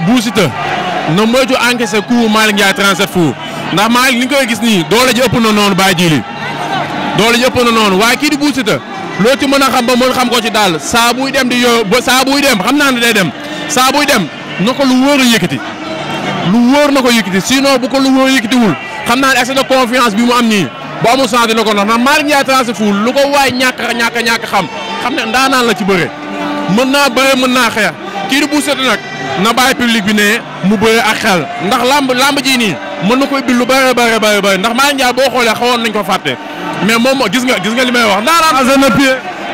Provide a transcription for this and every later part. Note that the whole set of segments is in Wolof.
tey Bou Siteu na moytu encaissé coup Malick Ndiaye 37 fou ndax Malick li nga koy gis nii doole ji ëpp na noonu baa jiili doole ji ëpp na noonu waaye kii di Bou Siteu loo ci mën a xam ba mën xam ko ci daal saa dem di yo ba saa buy dem xam naa ne day dem saa dem na ko lu wóor a yëkkati lu wóor na ko yëkkati sinon bu ko lu wóor yëkkatiwul xam naa ne excès de confiance bi mu am nii bu amul sens dina ko ndax ndax Malick Ndiaye 37 fou lu ko waay ñàkk a ñàkk a xam xam ne ndaanaan la ci bëre mën naa bëre mën naa xeex kii di Bou Siteu na bàyyi public bi ne mu bëre ak xel ndax lamb lamb ji nii mën na ko ubbi lu bëre bëre bëre ndax Malick Ndiaye boo xoolee xawoon nañ ko fàtte mais moom gis nga gis nga li may wax ndaanaan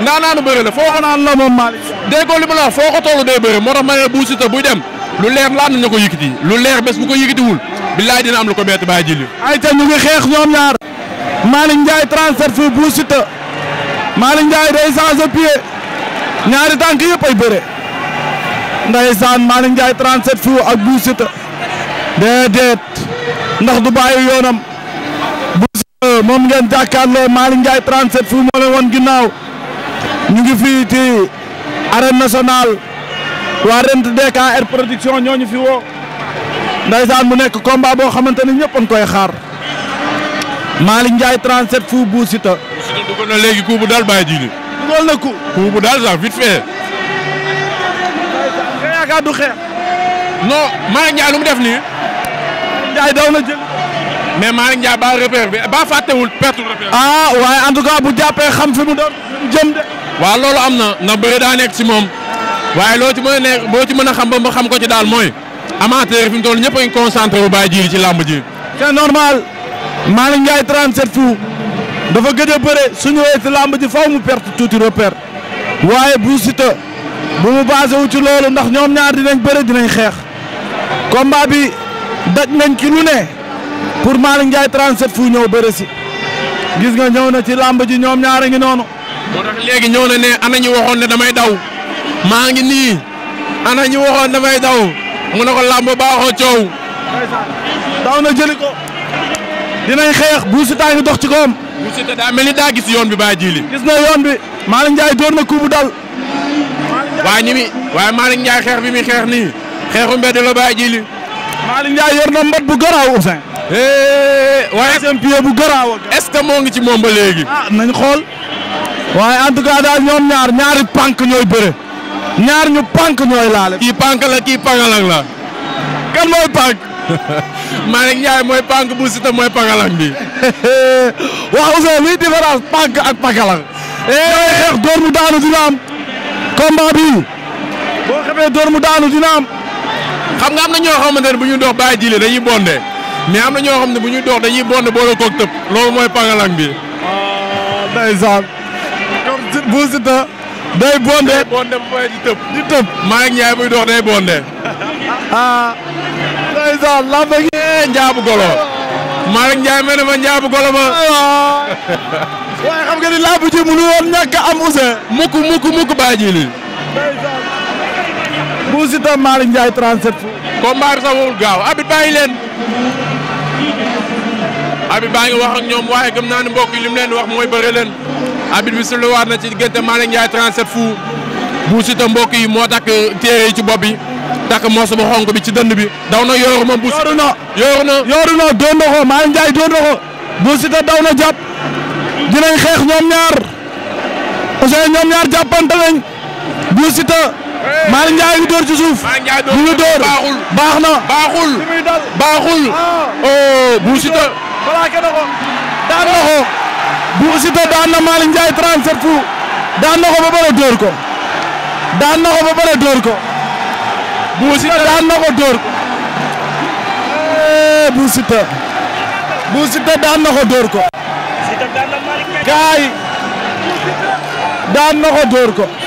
ndaanaanu bëre la foo ko naan la moom Malick déggoo li ma la wax foo ko toll day bëre moo tax ma ne Bou buy dem lu leer laan nañu ko yëkkati lu leer bés bu ko yëkkatiwul billaay dina am lu ko bett bàyyi jëli ay ta ñu ngi xeex ñoom ñaar Malick Ndiaye transfert fu yëpp ay bëre ndeysaan Malick Ndiaye 37 fu ak Bou Siteu déedéet ndax du bàyyi yoonam Bou moom ngeen jàkkaarloo Malick Ndiaye 37 fu moo leen woon ginnaaw ñu ngi fii ci arène nationale waa rent DKR production ñooñu fi woo ndeysaan mu nekk combat boo xamante ni ñëpp koy xaar Malick Ndiaye 37 fu Bou Siteu dugal na léegi coup daal bàyyi jiili dugal na daal sax vite fait yaakaar du xeex. non Malick Ndiaye lu mu def nii. Ndiaye daw na jël. mais Malick Ndiaye ba repère bi ba fàttewul perte repère. Ah, waaye en tout cas bu jàppee xam fi mu doon jëm de. waaw loolu am na na bëri daa nekk si moom waaye loo ci mën a boo ci mën a xam ba mu xam ko ci daal mooy amateur fi mu toll ñëpp a ngi concentré bu bàyyi ji ci làmb ji. c'est normal Malick Ndiaye 37 dafa gëj a bëre su ñëwee si làmb ji faw mu perte tuuti repère waaye bu Siteu. bu mu basé wu ci loolu ndax ñoom ñaar dinañ bëre dinañ xeex combat bi daj nañ ci lu ne pour Malick Ndiaye 37 fu ñëw bëre si gis nga ñëw na ci làmb ji ñoom ñaar ngi noonu. moo tax léegi ñëw na ne ana ñu waxoon ne damay daw maa ngi nii ana ñu waxoon damay daw mu ne ko làmb baaxoo coow. daw na jëli ko. dinañ xeex Bou ngi dox ci koom. Bou Siteu daa mel ni daa gis yoon bi baa jiili. gis na yoon bi Malick door na kubu dal. waaye ñi mi waaye Malick Ndiaye xeex bi mi xeex nii xeexu mbedd la bàyyi ji li. Malick Ndiaye yor na mbot bu garaaw Ousseyn. Eh, waaye seen pied bu garaaw. est-ce que moo ngi ci moom ba léegi. ah nañ xool waaye en tout cas daal ñoom ñaar ñaari pànk ñooy bëre ñaar ñu pànk ñooy laale. kii pànk la kii pangalang la. kan mooy pànk. Malick Ndiaye mooy pànk bu Siteu mooy pangalang bi. waaw Ousseyn luy différence pànk ak pangalang. Eh, xeex door mu daanu dina combat bi boo xamee door mu daanu dina am. xam nga am na ñoo xamante ne bu ñuy dox bàyyi jili dañuy bondé mais am na ñoo xam ne bu ñuy dox dañuy bondé boole koog tëb loolu mooy pangalang bi. waaw ah, ndeysaan. comme Bou day bondé day bondé mooy tëb. di tëb maa ngi ñaay buy dox day bondé. ah. ndeysaan laa bëggee eh, njaabu golo. maa ngi ñaay mel ne ma njaabu golo ma. waaye xam nga ni làmb mu mënu woon ñàkk am Ousseyn. mukk mukk mukk baa ji lii. bu Siteu Malick Ndiaye 37. combat sawul gaaw abit bàyyi leen. abit baa ngi wax ak ñoom waaye gëm naa ne mbokk yi li mu leen wax mooy bëre leen. abit bi su lu na ci diggante Malick Ndiaye 37 fu. bu Siteu mbokk yi moo takk téere yi ci bop bi. takk moos bu xonk bi ci dënn bi. daw na yooru ma bu. yooru na yooru na doon na ko Malick doon na ko. daw na jàpp. dinañ xeex ñoom ñaar Ousseyn ñoom ñaar jàppante nañ Bou Siteu door ci suuf. door baax na baaxul baaxul. Ah. oh Bou Siteu. daan na ko. Bou daan na Malick ba pare door ko. daan daan na ko door ko. Bou Siteu. daan na ko door ko. Eh, gaay daan na ko dóor ko